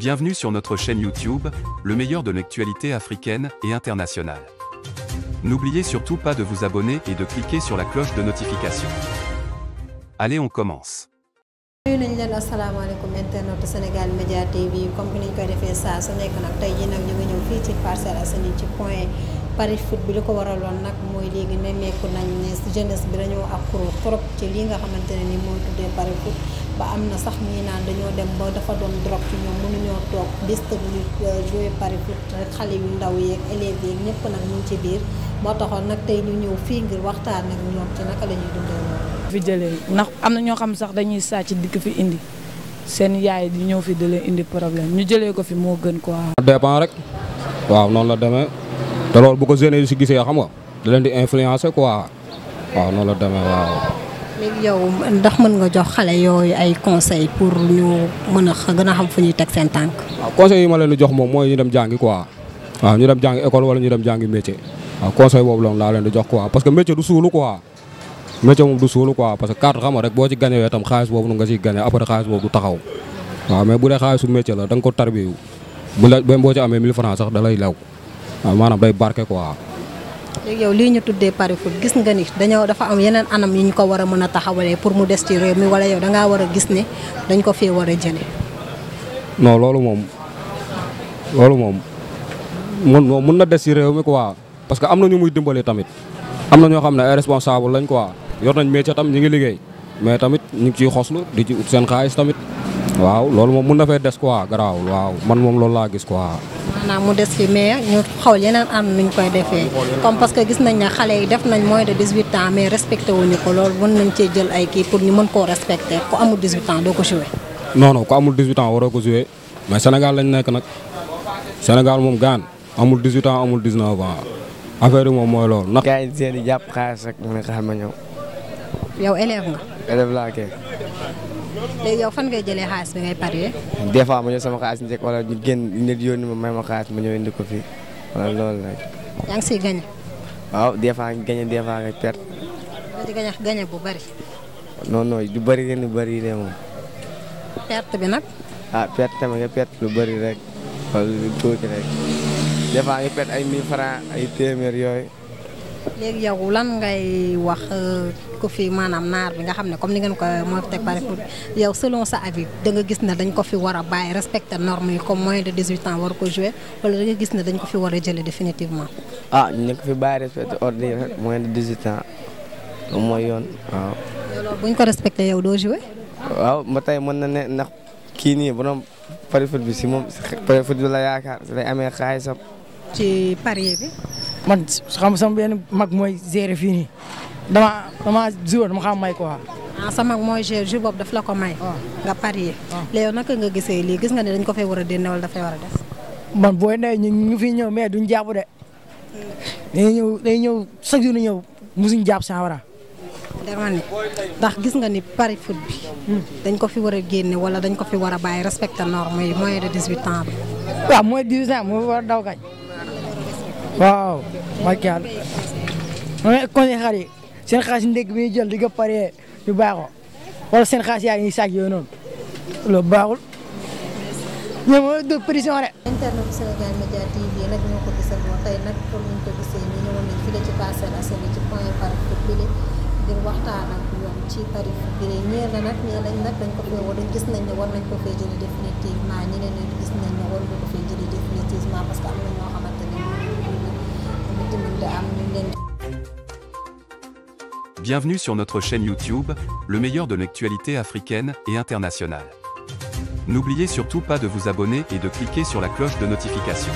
Bienvenue sur notre chaîne YouTube, le meilleur de l'actualité africaine et internationale. N'oubliez surtout pas de vous abonner et de cliquer sur la cloche de notification. Allez, on commence. nuyu nañ leen asalaamaaleykum internet Sénégal Media TV comme ni ñu koy defee saa su nekk nag tey jii nag ñu ngi ñëw fii ci Parcelles Assainies ci point Paris foot bi li ko waraloon nag mooy léegi nemmeeku nañ ne jeunesse bi dañoo accro trop ci lii nga xamante ne ni mooy Paris foot. ba am na sax ñuy naan dañoo dem ba dafa doon drogue ci ñoom mënuñoo toog déstabiliser jouer pari foot xale yu ndaw yeeg élèves yeeg ñëpp nag ñu ci biir moo taxoon nag tey ñu ñëw fii ngir waxtaan ak ñoom ci fi jëlee ndax am na ñoo xam sax dañuy sàcc dikk fi indi seen yaay di ñëw fi di leen indi problème ñu jëlee ko fi moo gën quoi. dépend rek waaw noonu la demee te lool bu ko jeunes yi si gisee xam nga da leen di influencer ko waaw noonu la demee waaw. léegi yow ndax mën nga jox xale yooyu ay conseil pour ñu mën a gën a xam fu ñuy teg seen tànk. conseil yi ma leen di jox moom mooy ñu dem jàngi quoi waaw ñu dem jàngi école wala ñu dem jàngi métier waaw conseil boobu loolu laa leen di jox quoi parce que métier du suulu quoi. métier moom du suulu quoi parce que carte xam nga rek boo ci gagné tam xaalis boobu nga ciy gagné après xaalis boobu du taxaw waaw mais bu dee xaalisu métier la da boo ci amee 1000 francs da lay lew waaw maanaam day barke léegi yow lii ñu tuddee pari foot gis nga ni dañoo dafa am yeneen anam yi ñu ko war a mën a taxawalee pour mu des ci réew mi wala yow dangaa war a gis ne dañ ko fee war a jëlee. non loolu moom loolu moom mun mun na des ci réew mi quoi parce que am na ñu muy dimbali tamit am na ñoo xam ne ay responsable lañ quoi yor nañ métier tam ñu ngi liggéey mais tamit ñu ngi ciy xoslu di ci ut seen xaalis tamit. waaw loolu moom mun na fay des quoi garaawul waaw man moom loolu laa gis quoi. maanaam mu des fi mais ñu xool am nuñ koy defee comme parce que gis nañ ne xale yi def nañ moins de 18 ans mais respecté wuñu ko loolu mën nañ cee jël ay kii pour ñu mën koo respecté ku amul 18 ans doo ko joué. non non ku amul 18 waroo ko joué mais Sénégal lañ nekk nag Sénégal moom gaan amul 18 ans amul 19 ans affaire yi moom mooy loolu. ndax gars jàpp xaalis rek ñu ne xaaral ma ñëw. yow élève nga. élève laa kay. léegi yow fan ngay jëlee xaalis bi ngay parier. des fois ma sama xaalis njëkk wala ñu génn nit yónni ma may ma xaalis ma ñëw indi ko fii wala loolu nag. yaa ngi gagné. waaw oh, des fois gagné des fois nga perte. nga gagné gagné bu bari. non non du bari bari perte bi ah perte tamit nga perte lu bari rek wala lu tuuti rek des fois nga perte ay 1000 francs ay léegi yow lan ngay wax euh, ko fi maanaam naar bi nga xam ne comme ni ngeen ko moo fi teg par exemple yow selon sa avis da nga gis ne dañ ko fi war a bàyyi respecter normes yi comme moins de 18 ans war ko jouer wala da gis ne dañ ko fi war a jëlee définitivement. ah ñu ko fi bàyyi respecter ordre yi rek moins de 18 ans moom mooy yoon waaw. bu ñu ko respecté yow doo jouer. waaw ba tey mën na ne ndax kii nii borom pari foot bi si moom pari foot yaakaar si amee xaalisam. ci pari bi. man xam sama benn mag mooy gérer fii nii damaa damaa jiwoon dama xam may quoi. ah sa mag mooy gérer jour boobu daf la ko may. Ah. nga parier. Ah. léegi yow naka nga gisee lii gis nga ne dañ ko fay war a dénne wala dafay war a des. man booy ne ñu ñu fi ñëw mais duñ jàpp de. dañuy ñëw dañuy ñëw chaque jour ñëw musuñ jàpp sans wara. dama ne ndax gis nga ni pari foot bi. Hmm. dañ ko fi war a génne wala dañ ko fi war a bàyyi respecté norme yi moyen de 18 ans bi. waaw mooy a daw kañ. waaw barke yàlla ma conseil xar seen xaalis ndégg bi ñuy jël di nga paree ñu baaxoo wala seen xaalis yaa ngi saag yooyu noonu loolu baaxul ñoom mooy de rek. internet bu Sénégal Média ñoo ko gisandoo tey nag comme ni ñu ko gisee ñu ñëwoon nañ fii la ci ci point par bile ngir waxtaan la nag ñeel nañ nag dañ ko fee wala Bienvenue sur notre chaîne YouTube, le meilleur de l'actualité africaine et internationale. N'oubliez surtout pas de vous abonner et de cliquer sur la cloche de notification.